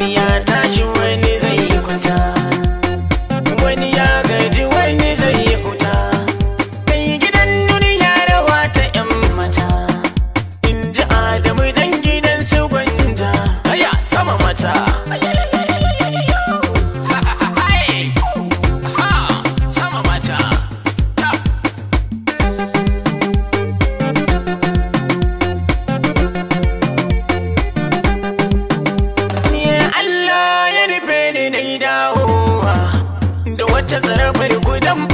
miyan na yi dawowa da wata zarafar gudan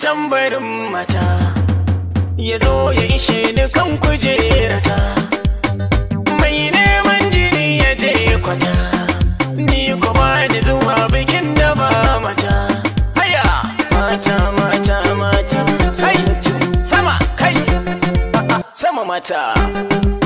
tambarin mata ya zo ya ishe dukan kujerata time.